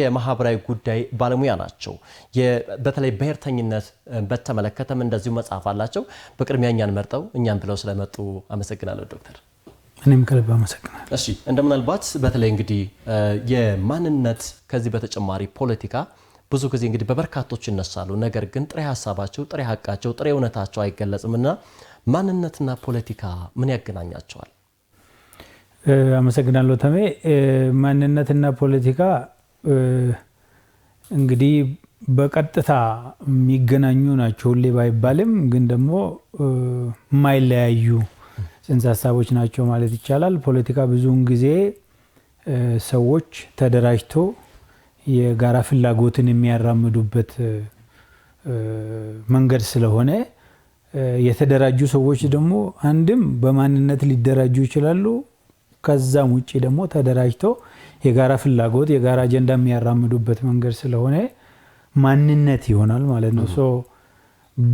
የማህበራዊ ጉዳይ ባለሙያ ናቸው። በተለይ ብሔርተኝነት በተመለከተም እንደዚሁ መጽሐፍ አላቸው። በቅድሚያ እኛን መርጠው እኛን ብለው ስለመጡ አመሰግናለሁ ዶክተር። እኔም ከልብ አመሰግናለሁ። እሺ እንደምናልባት በተለይ እንግዲህ የማንነት ከዚህ በተጨማሪ ፖለቲካ ብዙ ጊዜ እንግዲህ በበርካቶች ይነሳሉ። ነገር ግን ጥሬ ሀሳባቸው፣ ጥሬ ሀቃቸው፣ ጥሬ እውነታቸው አይገለጽም እና ማንነትና ፖለቲካ ምን ያገናኛቸዋል? አመሰግናለሁ ተሜ። ማንነትና ፖለቲካ እንግዲህ በቀጥታ የሚገናኙ ናቸው ሁሌ ባይባልም ግን ደግሞ የማይለያዩ ጽንሰ ሀሳቦች ናቸው ማለት ይቻላል። ፖለቲካ ብዙውን ጊዜ ሰዎች ተደራጅቶ የጋራ ፍላጎትን የሚያራምዱበት መንገድ ስለሆነ የተደራጁ ሰዎች ደግሞ አንድም በማንነት ሊደራጁ ይችላሉ ከዛም ውጭ ደግሞ ተደራጅቶ የጋራ ፍላጎት የጋራ አጀንዳ የሚያራምዱበት መንገድ ስለሆነ ማንነት ይሆናል ማለት ነው።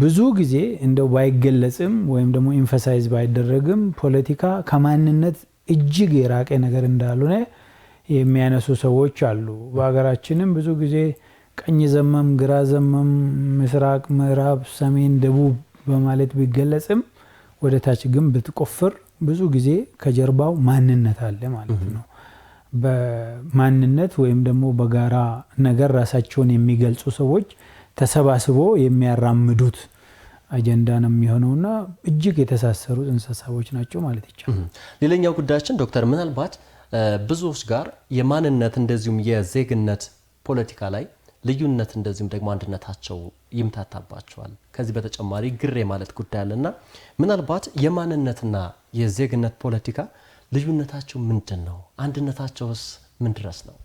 ብዙ ጊዜ እንደው ባይገለጽም ወይም ደግሞ ኢንፈሳይዝ ባይደረግም ፖለቲካ ከማንነት እጅግ የራቀ ነገር እንዳልሆነ የሚያነሱ ሰዎች አሉ። በሀገራችንም ብዙ ጊዜ ቀኝ ዘመም፣ ግራ ዘመም፣ ምስራቅ፣ ምዕራብ፣ ሰሜን፣ ደቡብ በማለት ቢገለጽም ወደ ታች ግን ብትቆፍር ብዙ ጊዜ ከጀርባው ማንነት አለ ማለት ነው። በማንነት ወይም ደግሞ በጋራ ነገር ራሳቸውን የሚገልጹ ሰዎች ተሰባስቦ የሚያራምዱት አጀንዳ ነው የሚሆነውና እጅግ የተሳሰሩ ጽንሰ ሀሳቦች ናቸው ማለት ይቻላል። ሌላኛው ጉዳያችን ዶክተር፣ ምናልባት ብዙዎች ጋር የማንነት እንደዚሁም የዜግነት ፖለቲካ ላይ ልዩነት እንደዚሁም ደግሞ አንድነታቸው ይምታታባቸዋል። ከዚህ በተጨማሪ ግር የማለት ጉዳይ አለና ምናልባት የማንነትና የዜግነት ፖለቲካ ልዩነታቸው ምንድን ነው? አንድነታቸውስ ምን ድረስ ነው?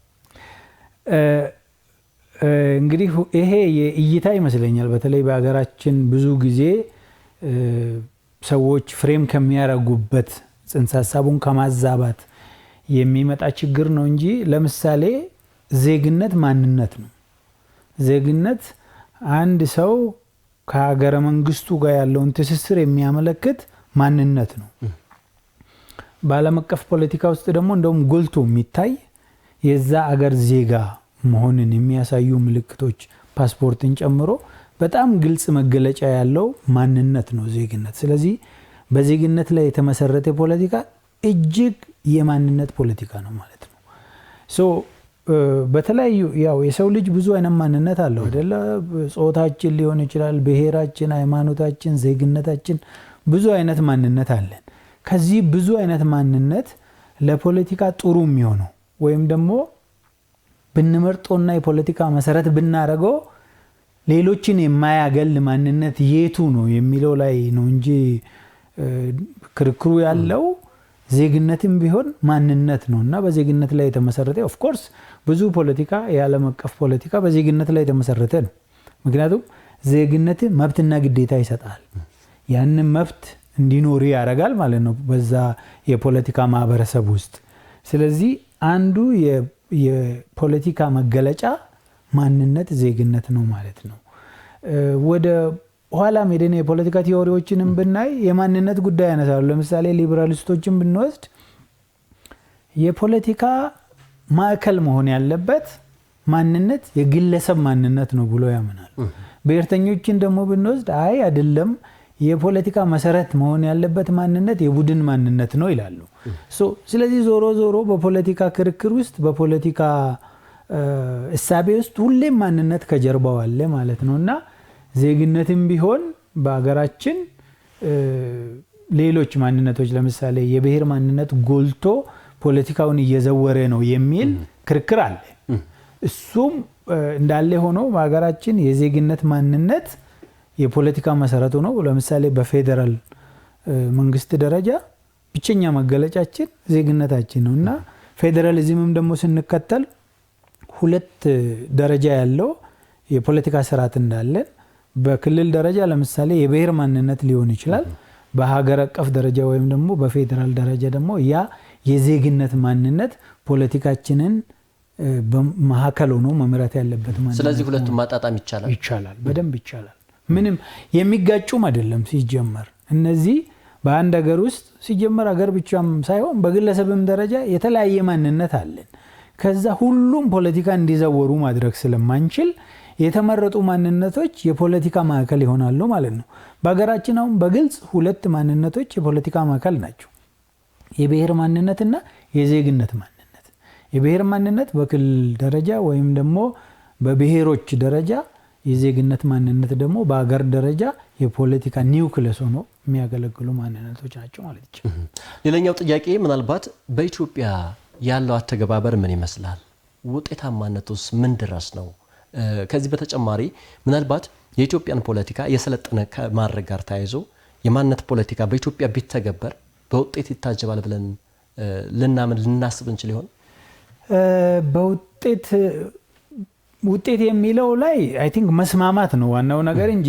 እንግዲህ ይሄ የእይታ ይመስለኛል። በተለይ በሀገራችን ብዙ ጊዜ ሰዎች ፍሬም ከሚያረጉበት ጽንሰ ሀሳቡን ከማዛባት የሚመጣ ችግር ነው እንጂ ለምሳሌ ዜግነት ማንነት ነው። ዜግነት አንድ ሰው ከሀገረ መንግስቱ ጋር ያለውን ትስስር የሚያመለክት ማንነት ነው። በዓለም አቀፍ ፖለቲካ ውስጥ ደግሞ እንደውም ጎልቶ የሚታይ የዛ አገር ዜጋ መሆንን የሚያሳዩ ምልክቶች ፓስፖርትን ጨምሮ በጣም ግልጽ መገለጫ ያለው ማንነት ነው ዜግነት። ስለዚህ በዜግነት ላይ የተመሰረተ ፖለቲካ እጅግ የማንነት ፖለቲካ ነው ማለት ነው። በተለያዩ ያው የሰው ልጅ ብዙ አይነት ማንነት አለው አይደለ? ጾታችን ሊሆን ይችላል፣ ብሔራችን፣ ሃይማኖታችን፣ ዜግነታችን ብዙ አይነት ማንነት አለን። ከዚህ ብዙ አይነት ማንነት ለፖለቲካ ጥሩ የሚሆነው ወይም ደግሞ ብንመርጦና የፖለቲካ መሰረት ብናደርገው ሌሎችን የማያገል ማንነት የቱ ነው የሚለው ላይ ነው እንጂ ክርክሩ ያለው ዜግነትም ቢሆን ማንነት ነው እና በዜግነት ላይ የተመሰረተ ኦፍኮርስ ብዙ ፖለቲካ የዓለም አቀፍ ፖለቲካ በዜግነት ላይ የተመሰረተ ነው። ምክንያቱም ዜግነት መብትና ግዴታ ይሰጣል። ያንን መብት እንዲኖር ያደርጋል ማለት ነው በዛ የፖለቲካ ማህበረሰብ ውስጥ። ስለዚህ አንዱ የፖለቲካ መገለጫ ማንነት ዜግነት ነው ማለት ነው። ወደ ኋላም ሄደን የፖለቲካ ቲዎሪዎችንም ብናይ የማንነት ጉዳይ ያነሳሉ። ለምሳሌ ሊበራሊስቶችን ብንወስድ የፖለቲካ ማዕከል መሆን ያለበት ማንነት የግለሰብ ማንነት ነው ብሎ ያምናል። ብሔርተኞችን ደግሞ ብንወስድ አይ አይደለም፣ የፖለቲካ መሰረት መሆን ያለበት ማንነት የቡድን ማንነት ነው ይላሉ። ስለዚህ ዞሮ ዞሮ በፖለቲካ ክርክር ውስጥ በፖለቲካ እሳቤ ውስጥ ሁሌም ማንነት ከጀርባው አለ ማለት ነው እና ዜግነትም ቢሆን በሀገራችን ሌሎች ማንነቶች ለምሳሌ የብሔር ማንነት ጎልቶ ፖለቲካውን እየዘወረ ነው የሚል ክርክር አለ። እሱም እንዳለ ሆኖ በሀገራችን የዜግነት ማንነት የፖለቲካ መሰረቱ ነው። ለምሳሌ በፌዴራል መንግስት ደረጃ ብቸኛ መገለጫችን ዜግነታችን ነው እና ፌዴራሊዝምም ደግሞ ስንከተል ሁለት ደረጃ ያለው የፖለቲካ ስርዓት እንዳለን በክልል ደረጃ ለምሳሌ የብሔር ማንነት ሊሆን ይችላል። በሀገር አቀፍ ደረጃ ወይም ደግሞ በፌዴራል ደረጃ ደግሞ ያ የዜግነት ማንነት ፖለቲካችንን ማዕከል ሆኖ መምረት ያለበት ማንነት። ስለዚህ ሁለቱም ማጣጣም ይቻላል ይቻላል፣ በደንብ ይቻላል። ምንም የሚጋጩም አይደለም ሲጀመር እነዚህ በአንድ ሀገር ውስጥ ሲጀመር ሀገር ብቻም ሳይሆን በግለሰብም ደረጃ የተለያየ ማንነት አለን። ከዛ ሁሉም ፖለቲካ እንዲዘወሩ ማድረግ ስለማንችል የተመረጡ ማንነቶች የፖለቲካ ማዕከል ይሆናሉ ማለት ነው። በሀገራችን አሁን በግልጽ ሁለት ማንነቶች የፖለቲካ ማዕከል ናቸው፤ የብሔር ማንነትና የዜግነት ማንነት። የብሔር ማንነት በክልል ደረጃ ወይም ደግሞ በብሔሮች ደረጃ፣ የዜግነት ማንነት ደግሞ በሀገር ደረጃ የፖለቲካ ኒውክለስ ሆኖ የሚያገለግሉ ማንነቶች ናቸው ማለት ይቻላል። ሌላኛው ጥያቄ ምናልባት በኢትዮጵያ ያለው አተገባበር ምን ይመስላል? ውስጥ ምን ድረስ ነው? ከዚህ በተጨማሪ ምናልባት የኢትዮጵያን ፖለቲካ የሰለጠነ ከማድረግ ጋር ተያይዞ የማንነት ፖለቲካ በኢትዮጵያ ቢተገበር በውጤት ይታጀባል ብለን ልናምን ልናስብ እንችል ይሆን? በውጤት ውጤት የሚለው ላይ አይ ቲንክ መስማማት ነው ዋናው ነገር እንጂ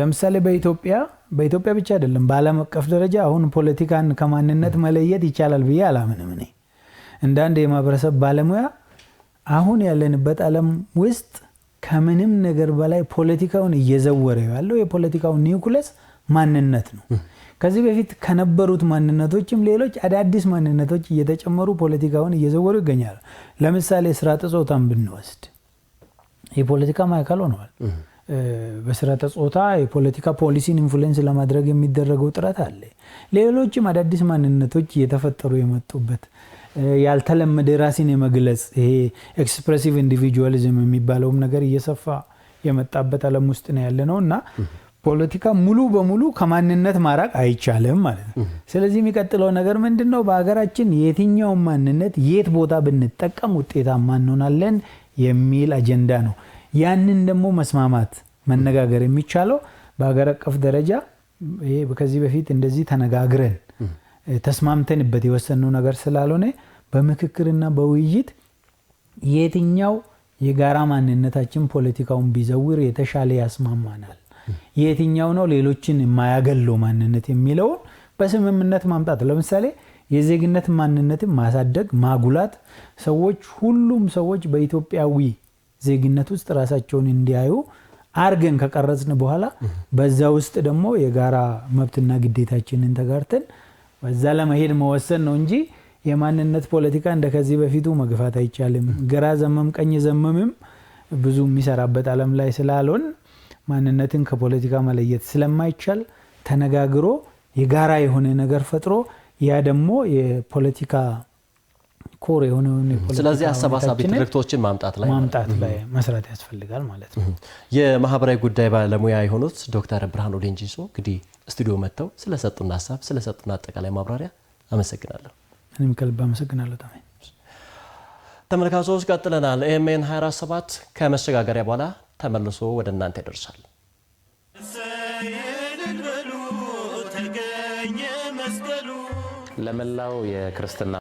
ለምሳሌ በኢትዮጵያ በኢትዮጵያ ብቻ አይደለም በዓለም አቀፍ ደረጃ አሁን ፖለቲካን ከማንነት መለየት ይቻላል ብዬ አላምንም። እኔ እንደ አንድ የማህበረሰብ ባለሙያ አሁን ያለንበት ዓለም ውስጥ ከምንም ነገር በላይ ፖለቲካውን እየዘወረ ያለው የፖለቲካው ኒውክለስ ማንነት ነው። ከዚህ በፊት ከነበሩት ማንነቶችም ሌሎች አዳዲስ ማንነቶች እየተጨመሩ ፖለቲካውን እየዘወሩ ይገኛሉ። ለምሳሌ ስርዓተ ጾታን ብንወስድ የፖለቲካ ማዕከል ሆነዋል። በስርዓተ ጾታ የፖለቲካ ፖሊሲን ኢንፍሉዌንስ ለማድረግ የሚደረገው ጥረት አለ። ሌሎችም አዳዲስ ማንነቶች እየተፈጠሩ የመጡበት ያልተለመደ ራሲን የመግለጽ ይሄ ኤክስፕሬሲቭ ኢንዲቪጁዋሊዝም የሚባለውም ነገር እየሰፋ የመጣበት አለም ውስጥ ነው ያለ ነው እና ፖለቲካ ሙሉ በሙሉ ከማንነት ማራቅ አይቻልም ማለት ነው። ስለዚህ የሚቀጥለው ነገር ምንድን ነው? በሀገራችን የትኛውን ማንነት የት ቦታ ብንጠቀም ውጤታማ እንሆናለን የሚል አጀንዳ ነው። ያንን ደግሞ መስማማት መነጋገር የሚቻለው በሀገር አቀፍ ደረጃ ከዚህ በፊት እንደዚህ ተነጋግረን ተስማምተንበት የወሰነው ነገር ስላልሆነ በምክክርና በውይይት የትኛው የጋራ ማንነታችን ፖለቲካውን ቢዘውር የተሻለ ያስማማናል፣ የትኛው ነው ሌሎችን የማያገለው ማንነት የሚለውን በስምምነት ማምጣት ለምሳሌ የዜግነት ማንነትን ማሳደግ ማጉላት፣ ሰዎች ሁሉም ሰዎች በኢትዮጵያዊ ዜግነት ውስጥ ራሳቸውን እንዲያዩ አርገን ከቀረጽን በኋላ በዛ ውስጥ ደግሞ የጋራ መብትና ግዴታችንን ተጋርተን በዛ ለመሄድ መወሰን ነው እንጂ የማንነት ፖለቲካ እንደ ከዚህ በፊቱ መግፋት አይቻልም። ግራ ዘመም ቀኝ ዘመምም ብዙ የሚሰራበት አለም ላይ ስላልሆን ማንነትን ከፖለቲካ መለየት ስለማይቻል ተነጋግሮ የጋራ የሆነ ነገር ፈጥሮ ያ ደግሞ የፖለቲካ ኮር የሆነውን ስለዚህ አሰባሳቢ ትርክቶችን ማምጣት ላይ ማምጣት ላይ መስራት ያስፈልጋል ማለት ነው። የማህበራዊ ጉዳይ ባለሙያ የሆኑት ዶክተር ብርሃኑ ሌንጂሶ እንግዲህ ስቱዲዮ መጥተው ስለሰጡን ሀሳብ ስለሰጡን አጠቃላይ ማብራሪያ አመሰግናለሁ። እኔም ከልብ አመሰግናለሁ። ታ ተመልካቾች ቀጥለናል። ኤምኤን 247 ከመሸጋገሪያ በኋላ ተመልሶ ወደ እናንተ ይደርሳል። ለመላው የክርስትና